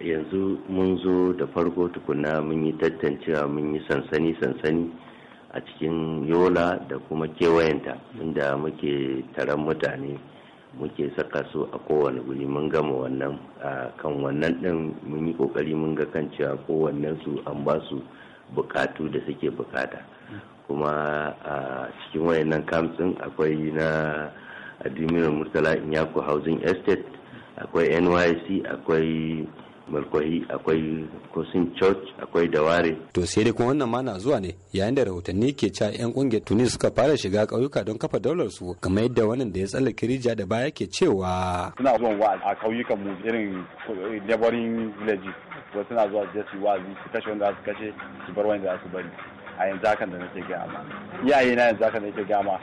yanzu mun zo da farko tukuna mun yi tattancewa mun yi sansani-sansani a cikin yola da kuma kewayenta inda muke taron mutane muke saka su a kowane guri mun gama wannan kan wannan ɗin mun yi ƙoƙari mun ga kan cewa kowannen su an ba su bukatu da suke bukata kuma a cikin wayannan kamtsin akwai na admiral murtala in yaku housing estate akwai nyc akwai malkwahi akwai kusin church akwai daware to sai dai kuma wannan ma na zuwa ne yayin da rahotanni ke cewa yan kungiyar tunis suka fara shiga ƙauyuka don kafa daular su kamar yadda wannan da ya tsallake rijiya da baya ke cewa suna zuwa wa a ƙauyukan mu irin neighboring village ko suna zuwa je su wa'azi su kashe wanda su kashe su bar wanda su bari a yanzu hakan da nake gaya ma iyaye na yanzu hakan da nake gaya ma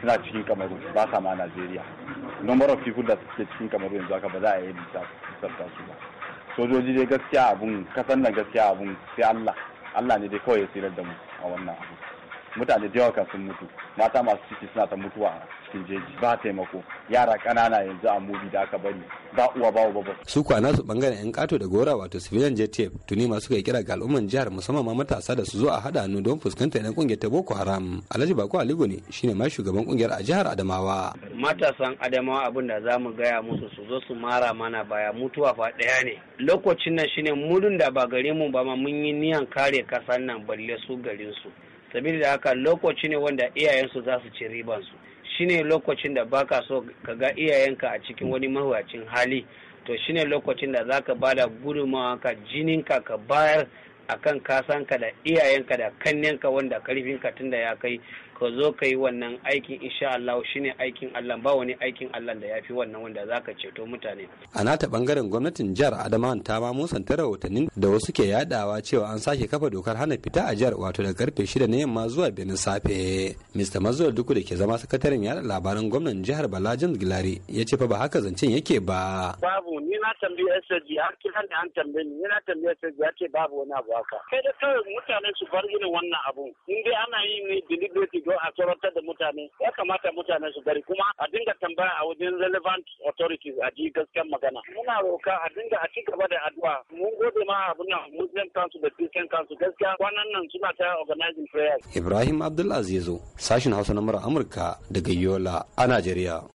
suna cikin kamaru ba sa ma najeriya number of people da suke cikin kamaru yanzu haka ba za a yi da su ba sojoji dai gaskiya abun kasan nan gaskiya abun sai Allah Allah ne dai kawai ya tsirar da mu a wannan abu mutane da yawa kan sun mutu mata masu ciki suna ta mutuwa cikin jeji ba taimako yara kanana yanzu a mubi da aka bari ba uwa ba uwa ba su kwana su bangaren yan kato da gora wato civilian jtf tuni masu kai kira ga al'umman jihar musamman ma matasa da su zo a hada hannu don fuskantar yan kungiyar ta boko haram alhaji bako aligo ne shine ma shugaban kungiyar a jihar adamawa matasan adamawa abin da za mu gaya musu su zo su mara mana baya mutuwa fa daya ne lokacin nan shine mudun da ba gare mu ba ma mun yi niyan kare kasan nan balle su garin su sabili da haka lokaci ne wanda iyayensu za su ci ribansu shine lokacin da baka so ka ga iyayenka a cikin wani mahuwacin hali to shine lokacin da za ka bada gudunmawa ka jininka ka bayar akan ka da iyayenka da ka wanda karfinka tunda ya kai ka zo ka yi wannan aikin insha Allah shine aikin Allah ba wani aikin Allah da ya fi wannan wanda zaka ceto mutane a nata bangaren gwamnatin jihar Adamawa ta ma musanta rahotannin da wasu ke yadawa cewa an sake kafa dokar hana fita a jihar wato daga karfe shida na yamma zuwa Binin safe Mr. Mazuwar Duku da ke zama sakataren yada labaran gwamnan jihar Balajin Gilari ya ce fa ba haka zancen yake ba babu ni na tambaye SSG har kiran da an tambaye ni na tambaye SSG ya ce babu wani abu haka. sai da kawai mutane su bar irin wannan abun in dai ana yi ne deliberate don a sarautar da mutane ya kamata mutane su bari kuma a dinga tambaya a wajen relevant authorities a ji gaskiyar magana muna roka a dinga a ci gaba da addu'a mun gode ma abun nan muslim council da christian council gaskiya kwanan nan suna ta organizing prayers ibrahim abdulaziz sashin hausa na mara amurka daga yola a najeriya